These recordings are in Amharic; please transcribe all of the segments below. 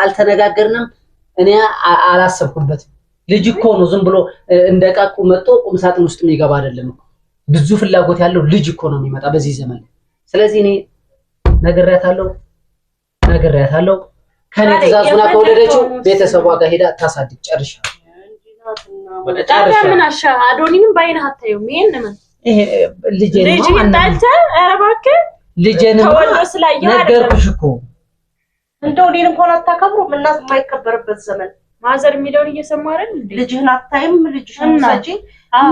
አልተነጋገርንም። እኔ አላሰብኩበትም። ልጅ እኮ ነው ዝም ብሎ እንደ ቀቁ መጥቶ ቁም ሳጥን ውስጥ የሚገባ አይደለም ብዙ ፍላጎት ያለው ልጅ እኮ ነው የሚመጣ በዚህ ዘመን። ስለዚህ እኔ ነግሬያታለሁ ነግሬያታለሁ። ከኔ ትእዛዝ ከወለደችው ቤተሰቧ ጋር ሄዳ ታሳድግ። ጨርሻለሁ። ምን አሻ አዶኒንም ይሄ ልጅ ልጄን ነገርኩሽ እኮ እንደው እኔን እንኳን አታከብሩም እና የማይከበርበት ዘመን ማዘር የሚለውን እየሰማረን አይደል? ልጅህን አታይም፣ ልጅሽን ሰጪ።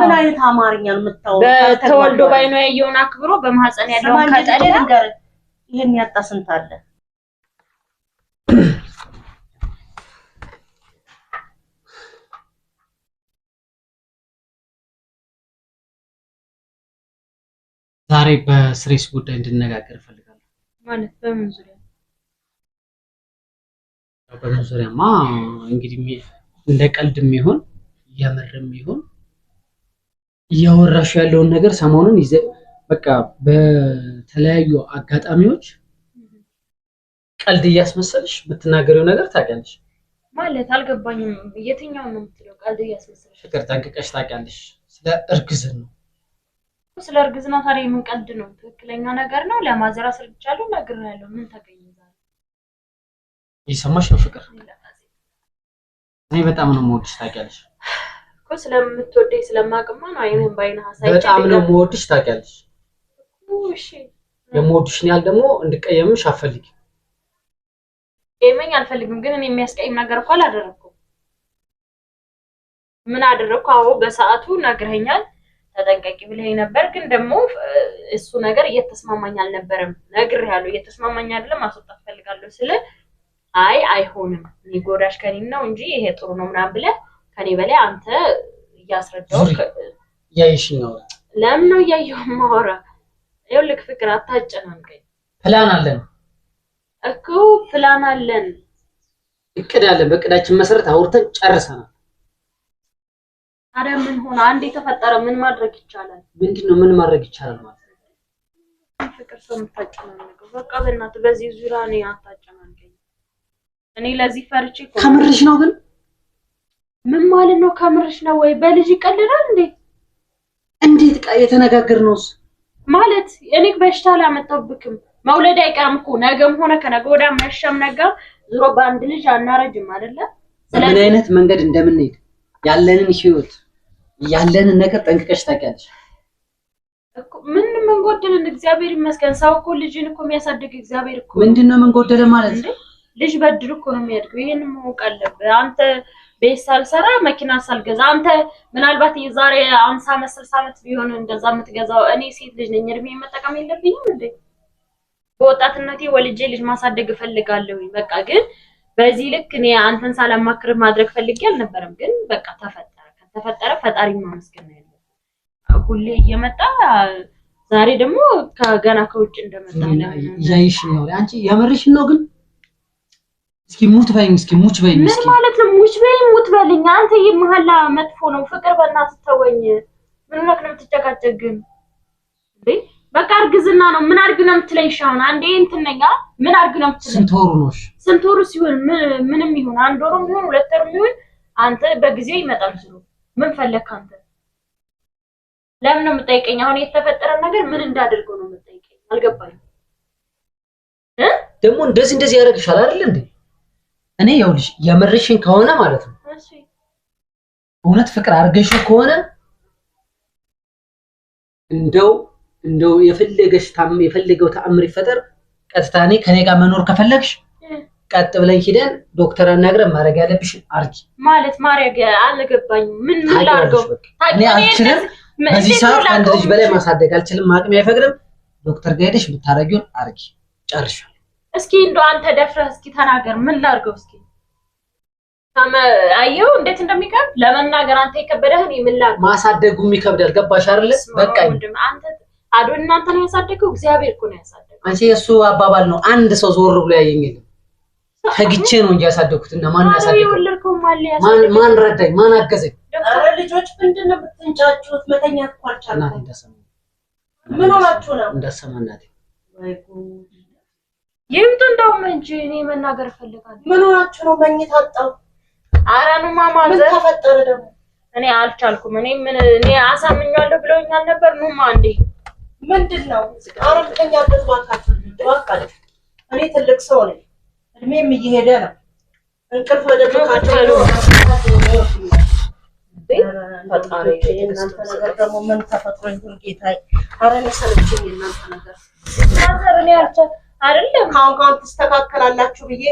ምን አይነት አማርኛ ነው የምታወራው? በተወልዶ ባይኖ ያየውን አክብሮ በማህፀን ያለውን ከጠለ ይሄን ያጣ ስንት አለ? ዛሬ በስሬስ ጉዳይ እንድነጋገር እፈልጋለሁ። ማለት በምን ዙሪያ በዛ ዙሪያማ እንግዲህ እንደ ቀልድ የሚሆን የምር የሚሆን እያወራሽ ያለውን ነገር ሰሞኑን ይዘ በቃ በተለያዩ አጋጣሚዎች ቀልድ እያስመሰልሽ ብትናገሪው ነገር ታውቂያለሽ። ማለት አልገባኝም። የትኛው ነው የምትለው? ቀልድ እያስመሰልሽ ፍቅር ጠንቅቀሽ ታውቂያለሽ። ስለ እርግዝን ነው። ስለ እርግዝና ታዲያ ምን ቀልድ ነው? ትክክለኛ ነገር ነው። ለማዘር አስረድቻለሁ፣ ነግሬያለሁ። ምን ተገኘ? ይሰማሽ ነው ፍቅር፣ እኔ በጣም ነው የምወድሽ። ታውቂያለሽ እኮ ስለምትወደኝ ስለማቅማ ነው። አይኔን ባይና ሀሳብ በጣም ነው የምወድሽ። ታውቂያለሽ እሺ፣ የምወድሽን ያህል ደግሞ እንድቀየምሽ አልፈልግም። ቀየመኝ አልፈልግም፣ ግን እኔ የሚያስቀይም ነገር እኮ አላደረኩም። ምን አደረኩ? አዎ በሰዓቱ ነግረኛል፣ ተጠንቀቂ ብለኸኝ ነበር። ግን ደግሞ እሱ ነገር እየተስማማኝ አልነበረም። ነግሬሃለሁ፣ እየተስማማኝ አይደለም፣ ማስወጣት ፈልጋለሁ ስለ አይ አይሆንም ሊጎዳሽ ከኔም ነው እንጂ ይሄ ጥሩ ነው ምናምን ብለህ ከኔ በላይ አንተ እያስረዳው እያየሽ ነው። ለምን ነው እያየሁ ማወራ? ይኸውልህ ፍቅር አታጨናንቀኝ። ፕላን አለን እኮ ፕላን አለን፣ እቅድ አለን። በእቅዳችን መሰረት አውርተን ጨርሰናል። ታዲያ ምን ሆነ? አንድ የተፈጠረ ምን ማድረግ ይቻላል? ምንድን ነው ምን ማድረግ ይቻላል ማለት ነው? ፍቅር ሰው የምታጨናንቀው በቃ በእናትህ በዚህ ዙሪያ እኔ አታጨናንቀኝ። እኔ ለዚህ ፈርቼ እኮ ከምርሽ ነው። ግን ምን ማለት ነው? ከምርሽ ነው ወይ? በልጅ ይቀልላል እንዴ? እንዴት የተነጋገርነውስ ማለት እኔ በሽታ አላመጣብክም። መውለድ አይቀርም እኮ ነገም ሆነ ከነገ ወዲያ መሸም ነገ ዞሮ በአንድ ልጅ አናረጅም አይደለ? ምን አይነት መንገድ እንደምንሄድ ያለንን ህይወት ያለንን ነገር ጠንቅቀሽ ታውቂያለሽ። ምን ምን ጎደለን? እግዚአብሔር ይመስገን። ሰው እኮ ልጅን እኮ የሚያሳድግ እግዚአብሔር እኮ ምንድነው ምን ማለት ነው ልጅ በድል እኮ ነው የሚያድገው። ይሄን ማወቅ አለብህ አንተ። ቤት ሳልሰራ መኪና ሳልገዛ አንተ ምናልባት የዛሬ አምሳ ዓመት ስልሳ ዓመት ቢሆን እንደዛ የምትገዛው እኔ ሴት ልጅ ነኝ። እድሜ መጠቀም የለብኝም እንዴ? በወጣትነቴ ወልጄ ልጅ ማሳደግ እፈልጋለሁ በቃ ግን በዚህ ልክ እኔ አንተን ሳላማክር ማድረግ ፈልጌ አልነበረም። ግን በቃ ተፈጠረ። ከተፈጠረ ፈጣሪ ማመስገን ነው ያለው። ሁሌ እየመጣ ዛሬ ደግሞ ከገና ከውጭ እንደመጣ ያይሽ ነው። አንቺ የምርሽ ነው ግን እስኪ ሙት በይኝ፣ እስኪ ሙች በይኝ። ምን ማለት ነው ሙች በይኝ? ሙት በልኝ። አንተ ይህ መሀላ መጥፎ ነው። ፍቅር በእናትህ ተወኝ። ምን ነው የምትጨቃጨቅ ግን? በቃ እርግዝና ነው። ምን አድርጊው ነው የምትለኝ? ሻውን አንዴ እንትነኛ ምን አድርጊው ነው የምትለኝ? ስንት ወሩ ነው? ስንት ወሩ ሲሆን ምንም ይሁን አንድ ወሩም ይሁን ሁለት ወሩም ይሁን አንተ በጊዜው ይመጣል ስሉ ምን ፈለክ አንተ? ለምን ነው የምጠይቀኝ? አሁን የተፈጠረ ነገር ምን እንዳደርገው ነው የምጠይቀኝ? አልገባኝም። ደግሞ እንደዚህ እንደዚህ ያደርግሻል አይደል እንዴ? እኔ ይኸውልሽ የምርሽን ከሆነ ማለት ነው እውነት ፍቅር አድርገሽ ከሆነ እንደው እንደው የፈለገሽ ታም የፈለገው ተአምር ይፈጠር፣ ቀጥታ እኔ ከኔ ጋር መኖር ከፈለግሽ ቀጥ ብለን ሂደን ዶክተር አናግረን ማድረግ ያለብሽ አርጊ። ማለት ማድረግ አልገባኝም። ምን ላድርገው? እኔ አልችልም። በዚህ ሰዓት አንድ ልጅ በላይ ማሳደግ አልችልም፣ አቅሜ አይፈቅድም። ዶክተር ጋር ሄደሽ የምታረጊውን አርጊ። ጨርሻ እስኪ እንደው አንተ ደፍረህ እስኪ ተናገር። ምን ላድርገው? እስኪ አየሁ እንዴት እንደሚከብድ ለመናገር አንተ የከበደህ እኔ ምን ላድርገው? ማሳደጉ ይከብዳል። ገባሽ አይደል? በቃ አንተ አዶን እናንተ ነው ያሳደገው፣ እግዚአብሔር እኮ ነው ያሳደገው። አንቺ የእሱ አባባል ነው። አንድ ሰው ዞር ብሎ ያየኝ የለም። ተግቼ ነው እንጂ ያሳደግኩት እና ማን ያሳደገው? ማን ረዳኝ? ማን አገዘኝ? ኧረ ልጆች ምንድን ነው የምትንጫጩት? መተኛት እኮ አልቻልኩም። ምን ሆናችሁ ነው? እንዳትሰማ እናቴ ይህምጡ እንደውም እንጂ እኔ መናገር እፈልጋለሁ። ምን ሆናችሁ ነው? መኝታ አጣው። ኧረ ኑ ማማ ዘር ምን ተፈጠረ ደግሞ? እኔ አልቻልኩም። እኔ ምን እኔ አሳምኛለሁ ብለውኛል ነበር። ኑማ እንዴ ምንድን ነው? ኧረ ምተኛበት እባካችሁ፣ እባካችሁ። እኔ ትልቅ ሰው ነኝ፣ እድሜም እየሄደ ነው። እንቅልፍ ወደ ብካቸው ፈጣሪ የእናንተ ነገር ደግሞ ምን ተፈጥሮ ይሁን ጌታዬ። አረ እኔ ሰለቸኝ የእናንተ ነገር። ማዘር እኔ አልቻልኩም አይደለም ከአሁን ከአሁን ትስተካከላላችሁ ብዬ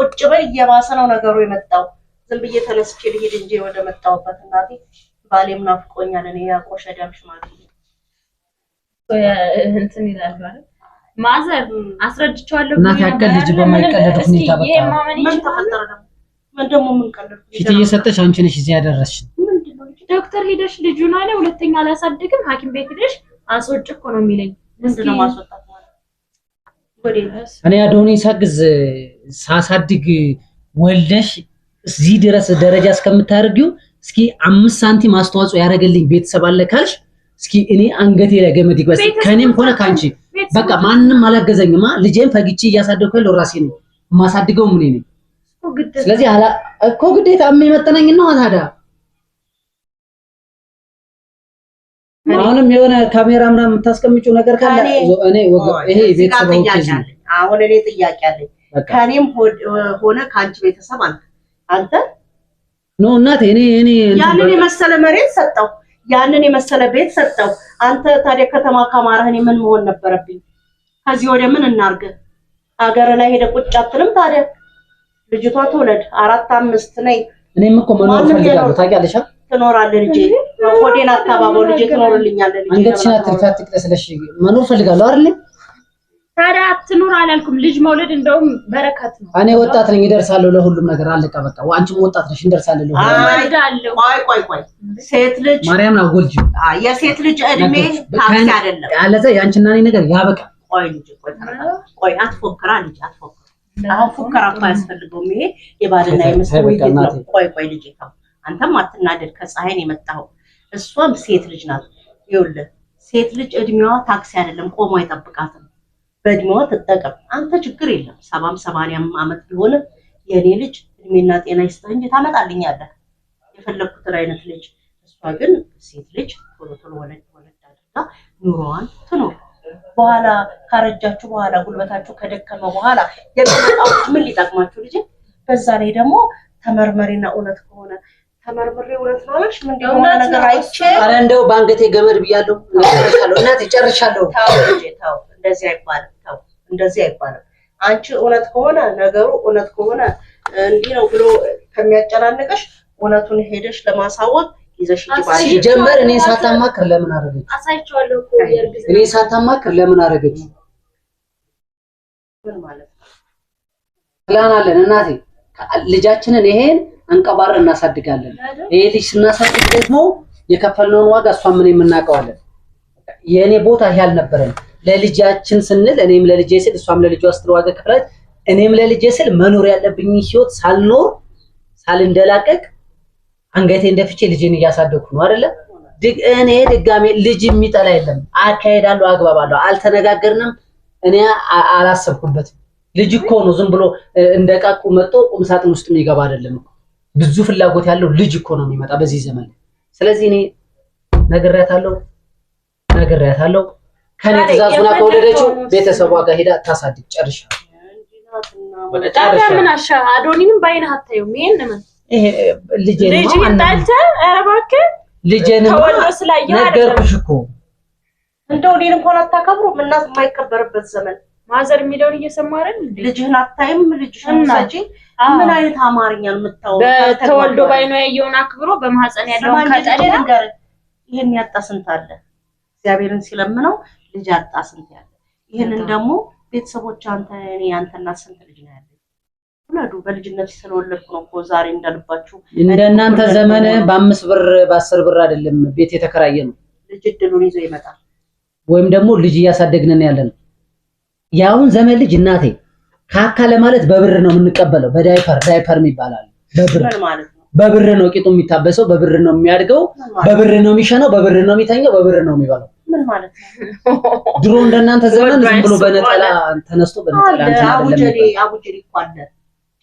ቁጭ በል እየባሰ ነው ነገሩ የመጣው። ዝም ብዬ ተነስቼ ልሄድ እንጂ ወደ መጣሁበት እናቴ ባሌም ናፍቆኛል። እኔ ያቆሸዳም ሽማግሌ እንትን ይላል ማለት ማዘር አስረድቼዋለሁ። እናት ያቀል ልጅ በማይቀለድ ሁኔታ በቃ ምን ተፈጠረ ደግሞ ምን ደግሞ ምን ቀለድ ፊት እየሰጠሽ አንቺ ነሽ እዚህ ያደረስሽ። ዶክተር ሄደሽ ልጁን አለ ሁለተኛ አላሳድግም ሐኪም ቤት ሄደሽ አስወጭ እኮ ነው የሚለኝ። ምንድን ነው ማስወጣት እኔ አዶኒስ ሳግዝ ሳሳድግ ወልደሽ እዚህ ድረስ ደረጃ እስከምታደርጊው እስኪ አምስት ሳንቲም አስተዋጽኦ ያደረገልኝ ቤተሰብ አለ ካልሽ እስኪ እኔ አንገቴ ላይ ገመድ ይግባስ። ከእኔም ሆነ ከአንቺ በቃ ማንም አላገዘኝማ። ልጄን ፈግቼ እያሳደግኩ ያለው ራሴ ነኝ። የማሳድገው ምን ነኝ። ስለዚህ እኮ ግዴታ የሚመጠነኝ ነው ታዲያ አሁንም የሆነ ካሜራ ምናምን የምታስቀምጪው ነገር ካለ እኔ ይሄ ቤተሰብ አሁን እኔ ጥያቄ አለኝ። ከኔም ሆነ ከአንቺ ቤተሰብ አንተ አንተ ኖ እናቴ እኔ እኔ ያንን የመሰለ መሬት ሰጠው፣ ያንን የመሰለ ቤት ሰጠው። አንተ ታዲያ ከተማ ካማረህ እኔ ምን መሆን ነበረብኝ? ከዚህ ወደ ምን እናርገ? ሀገር ላይ ሄደ ቁጭ አትልም ታዲያ። ልጅቷ ትውለድ አራት አምስት ነይ። እኔም እኮ መኖር ፈልጋለሁ ታውቂያለሽ። ትኖራለህ ልጄ ሆዴን አታባበው ልጄ ትኖርልኛለህ። አንገትሽን አትርፊ፣ አትቅደስለሽ። መኖር ፈልጋለሁ አይደል? ታዲያ አትኑር አላልኩም። ልጅ መውለድ እንደውም በረከት ነው። እኔ ወጣት ነኝ፣ ይደርሳለሁ ለሁሉም ነገር። አለቀ በቃ። አንቺም ወጣት ነሽ፣ እንደርሳለሁ ለሁሉም። ቆይ ቆይ ቆይ፣ ሴት ልጅ ማርያምን አጎልጂ። የሴት ልጅ እድሜ ታክሲ አይደለም። ያለዚያ የአንቺና እኔ ነገር ያበቃል። ቆይ ልጅ ቆይ፣ አትፎክራ ልጅ አትፎክራ። አሁን ፉከራ እኮ አያስፈልገውም። ይሄ የባልና የሚስት ውይይት ነው። ቆይ ቆይ ልጅ፣ አንተም አትናደድ፣ ከፀሐይን የመጣኸው እሷም ሴት ልጅ ናት። ይኸውልህ ሴት ልጅ እድሜዋ ታክሲ አይደለም ቆሞ አይጠብቃትም። በእድሜዋ ትጠቀም። አንተ ችግር የለም ሰባም ሰማንያም ዓመት ቢሆንም የእኔ ልጅ እድሜና ጤና ይስጥህ እንጂ ታመጣልኛለህ የፈለግኩትን አይነት ልጅ። እሷ ግን ሴት ልጅ ቶሎ ቶሎ ወለድ ወለድ አድርጋ ኑሮዋን ትኖር። በኋላ ካረጃችሁ በኋላ ጉልበታችሁ ከደከመ በኋላ የሚመጣው ምን ሊጠቅማችሁ ልጅ? በዛ ላይ ደግሞ ተመርመሪና እውነት ከሆነ ተመርምሬ እውነት ነው አለሽ? ምንድን ነው ነገር አይቼ ኧረ እንደው በአንገቴ ገመድ ብያለሁ። ጨርሻለሁ እናቴ ተው ተው እንደዚህ አይባልም። አንቺ እውነት ከሆነ ነገሩ እውነት ከሆነ እንዲህ ነው ብሎ ከሚያጨናንቀሽ እውነቱን ሄደሽ ለማሳወቅ ይዘሽ ሲጀመር እኔን ሳታማክር ለምን አደረገች? አሳይቼዋለሁ እኮ ሳታማክር ለምን አደረገች? ምን ማለት ነው? ፕላን አለን እናቴ ልጃችንን ይሄን አንቀባር እናሳድጋለን። ይሄ ልጅ ስናሳድግ ደግሞ የከፈልነውን ዋጋ እሷ ምን የምናውቀዋለን። የእኔ ቦታ ይሄ አልነበረም። ለልጃችን ስንል እኔም ለልጄ ስል እሷም ለልጇ ስትል ዋጋ ከፍላለች። እኔም ለልጄ ስል መኖር ያለብኝ ህይወት ሳልኖር ሳልንደላቀቅ አንገቴ እንደፍቼ ልጅን እያሳደግኩ ነው አይደለ? እኔ ድጋሜ ልጅ የሚጠላ የለም። አካሄዳለሁ፣ አግባባለሁ። አልተነጋገርንም። እኔ አላሰብኩበትም። ልጅ እኮ ነው ዝም ብሎ እንደ ዕቃ መጥቶ ቁም ሳጥን ውስጥ የሚገባ አይደለም እኮ ብዙ ፍላጎት ያለው ልጅ እኮ ነው የሚመጣ በዚህ ዘመን። ስለዚህ እኔ ነግሬያታለሁ ነግሬያታለሁ። ከኔ ትእዛዝ ሆና ከወለደችው ቤተሰቧ ጋር ሄዳ ታሳድግ። ጨርሻ። ምን አሻ አዶኒንም አታየውም? ይሄን ምን ነገርኩሽ እኮ እንደው እኔን እንኳን አታከብሩም። እናት የማይከበርበት ዘመን ማዘር የሚለውን እየሰማረን ልጅህን አታይም ልጅሽን ምን አይነት አማርኛ ነው የምታወራው? በተወልዶ ባይኑ ያየውን አክብሮ በማህፀን ያለውን ከጠለ ይሄን ያጣ ስንት አለ? እግዚአብሔርን ሲለምነው ልጅ ያጣ ስንት ያለ? ይሄንን ደግሞ ቤተሰቦች አንተ እኔ አንተና ስንት ልጅ ነው ያለ? ሁለዱ በልጅነት ስለወለድኩ ነው እኮ ዛሬ እንዳልባችሁ እንደናንተ ዘመን በአምስት ብር በአስር ብር አይደለም ቤት የተከራየ ነው። ልጅ እድሉን ይዞ ይመጣል። ወይም ደግሞ ልጅ እያሳደግን ያለ ነው። የአሁን ዘመን ልጅ እናቴ ካካ ለማለት በብር ነው የምንቀበለው። በዳይፐር ዳይፐር ይባላል። በብር በብር ነው ቂጡ የሚታበሰው፣ በብር ነው የሚያድገው፣ በብር ነው የሚሸነው፣ በብር ነው የሚተኘው፣ በብር ነው የሚበላው። ምን ማለት ነው? ድሮ እንደናንተ ዘመን ዝም ብሎ በነጠላ ተነስቶ በነጠላ አቡጀዴ አቡጀዴ እኮ አለ፣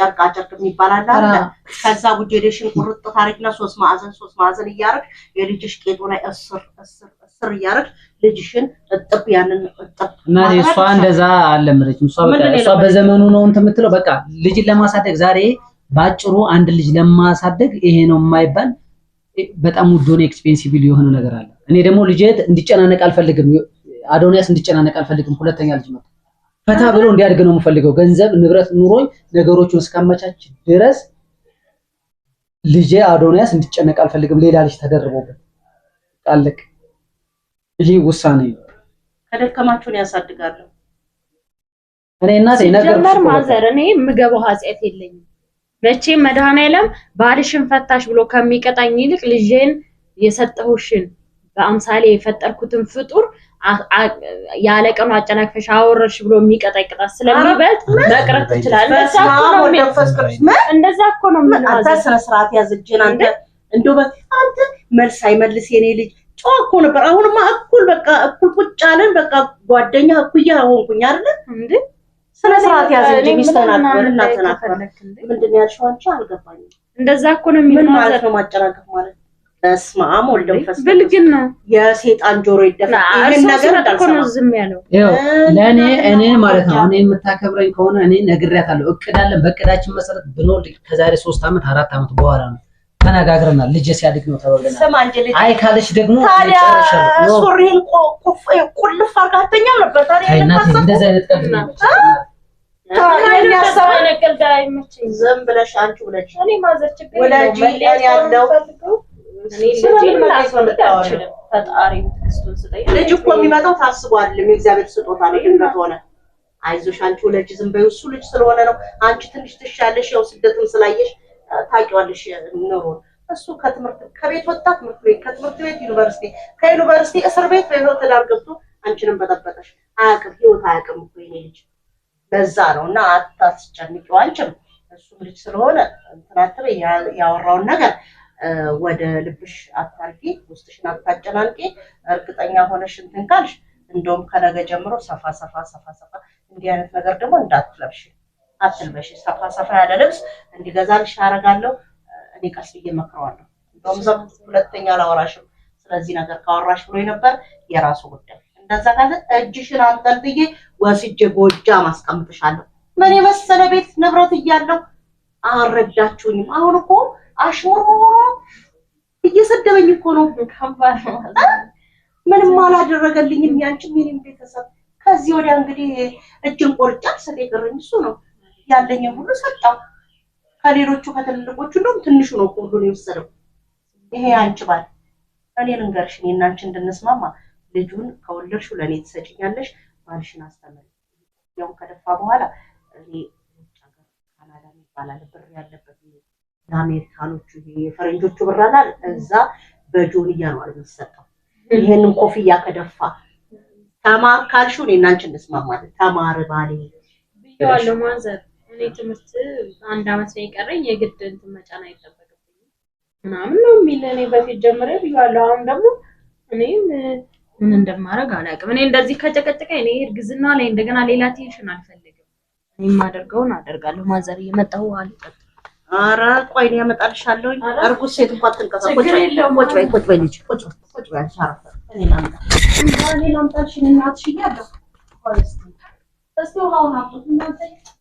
ጨርቃ ጨርቅ የሚባል አለ። ከዛ ቡጀዴሽን ቁርጥ ታሪክና ሶስት ማዕዘን ሶስት ማዕዘን እያደረግ የልጅሽ ቄጦ ላይ እስር እስር እስር እያደረግ ልጅሽን እጥብ ያንን እጥብ እሷ እንደዛ አልለመደችም። እሷ በቃ እሷ በዘመኑ ነው እንትን የምትለው በቃ ልጅን ለማሳደግ ዛሬ ባጭሩ አንድ ልጅ ለማሳደግ ይሄ ነው የማይባል በጣም ውዶን ሆነ ኤክስፔንሲቭ የሆነ ነገር አለ። እኔ ደግሞ ልጄ እንዲጨናነቅ አልፈልግም። አዶንያስ እንዲጨናነቅ አልፈልግም። ሁለተኛ ልጅ ነው ፈታ ብሎ እንዲያድግ ነው የምፈልገው። ገንዘብ ንብረት ኑሮኝ ነገሮቹን እስካመቻች ድረስ ልጄ አዶንያስ እንዲጨነቅ አልፈልግም። ሌላ ልጅ ተደርቦበት ቃልክ ይሄ ውሳኔ ከደከማችሁን ያሳድጋሉ። እኔ እናቴ ነገር ማዘር እኔ የምገባው ኃጢአት የለኝም መቼም መድኃኔዓለም ባልሽን ፈታሽ ብሎ ከሚቀጣኝ ይልቅ ልጄን የሰጠሁሽን በአምሳሌ የፈጠርኩትን ፍጡር ያለ ቀኑ አጨናቅፈሽ አወረድሽ ብሎ የሚቀጣኝ ቅጣት ስለሚበልጥ መቅረት ትችላለሽ። እንደዛ እኮ ነው ምን አታ ስነ ስርዓት ያዝጅን አንተ እንደው አንተ መልስ አይመልስ የኔ ልጅ ጨዋ እኮ ነበር። አሁንማ እኩል በቃ እኩል ቁጭ አለን። በቃ ጓደኛ እኩያ ሆንኩኝ አይደለ እንዴ? ስነ ስርዓት ያዝ እንጂ ሚስተናገር እና ተናገር። ምንድን ነው ያልሽው አንቺ? አልገባኝም። እንደዛ እኮ ነው የሚሆነው። ማለት ነው ማጨናገፍ ማለት በስመ አብ ወልድ መንፈስ ብልግን ነው። የሴጣን ጆሮ ይደፋል። ይሄን ነገር እኮ ነው ዝም ያለው። ያው ለኔ እኔ ማለት ነው እኔ የምታከብረኝ ከሆነ እኔ ነግሬያታለሁ። እቅዳለን በእቅዳችን መሰረት ብኖር ከዛሬ ሶስት አመት አራት አመት በኋላ ነው ተነጋግረናል። ልጅ ሲያድግ ነው ተባብለናል። አይ ካለች ደግሞ ቁልፍ ነበር? ታዲያ እንደዚህ አይነት ቀልድ ነው ዝም ልጅ እኮ የሚመጣው ታስቧል። የእግዚአብሔር ስጦታ ነው። ድንገት ሆነ። አይዞሽ አንቺ ዝም እሱ ልጅ ስለሆነ ነው። አንቺ ትንሽ ትሻለሽ። ያው ስደትም ስላየሽ ታውቂዋለሽ ኑሮን እሱ ከትምህርት ከቤት ወጣ ትምህርት ቤት ከትምህርት ቤት ዩኒቨርሲቲ ከዩኒቨርሲቲ እስር ቤት በህይወት ዳር ገብቶ አንቺንም በጠበቀሽ አያውቅም። ህይወት አያውቅም እኮ የኔ ልጅ በዛ ነው። እና አታስጨንቂው አንቺም እሱም ልጅ ስለሆነ እንትናትር ያወራውን ነገር ወደ ልብሽ አታርጊ፣ ውስጥሽን አታጨናንቂ። እርግጠኛ ሆነሽ እንትን ካልሽ እንደውም ከነገ ጀምሮ ሰፋ ሰፋ ሰፋ ሰፋ እንዲህ አይነት ነገር ደግሞ እንዳትለብሽ አትልበሽ፣ ሰፋ ሰፋ ያለ ልብስ እንዲገዛልሽ አደርጋለሁ። እኔ ቀስ ብዬ መክረዋለሁ። እንደውም ሁለተኛ አላወራሽም ስለዚህ ነገር ካወራሽ ብሎ ነበር። የራሱ ጉዳይ። እንደዛ ካለ እጅሽን አንጠልጥዬ ወስጄ ጎጃም አስቀምጥሻለሁ። ምን የመሰለ ቤት ንብረት እያለው አረዳችሁኝም። አሁን እኮ አሽሙር እየሰደበኝ እኮ ነው። ምንም አላደረገልኝም። ያንቺም የኔም ቤተሰብ ከዚህ ወዲያ እንግዲህ እጅን ቆርጫ ሰጥ ቅርኝ እሱ ነው። ያለኝ ሁሉ ሰጣው። ከሌሎቹ ከትልልቆቹ እንደውም ትንሹ ነው ሁሉን የወሰደው። ይሄ አንቺ ባል እኔ ልንገርሽ፣ እኔ እና አንቺ እንድንስማማ ልጁን ከወለድሽው ለእኔ ትሰጭኛለሽ፣ ባልሽን አስተምር። ያው ከደፋ በኋላ እኔ ውጭ ሀገር ካናዳ ይባላል ብር ያለበት ለአሜሪካኖቹ የፈረንጆቹ ብር አላል እዛ በጆንያ ነው አለ የሚሰጠው። ይሄንን ኮፍያ ከደፋ ተማር ካልሽው እኔ እና አንቺ እንስማማለን። ተማር ባሌ ብያለሁ ማዘር እኔ ትምህርት አንድ አመት ነው የቀረኝ የግድ እንትን መጫን አይጠበቅብኝም ምናምን ነው የሚል እኔ በፊት ጀምሬ ብያለሁ። አሁን ደግሞ እኔም ምን እንደማደርግ አላውቅም። እኔ እንደዚህ ከጨቀጨቀ እኔ እርግዝና ላይ እንደገና ሌላ ቴንሽን አልፈልግም። እኔ የማደርገውን አደርጋለሁ። ማዘር እየመጣሁ አልቀጥም። ኧረ ቆይ እኔ ያመጣልሻለሁ። እርጉዝ ሴት እንኳን አትንቀሳቀስም። ቁጭ በይ ቁጭ በይ ቁጭ በይ ልጅ ቁጭ በይ ቁጭ በይ አንሻራ እኔ ላምጣ እኔ ላምጣልሽ እናትሽ እያለሁ እስኪ ውሃውን አምጡት እናንተ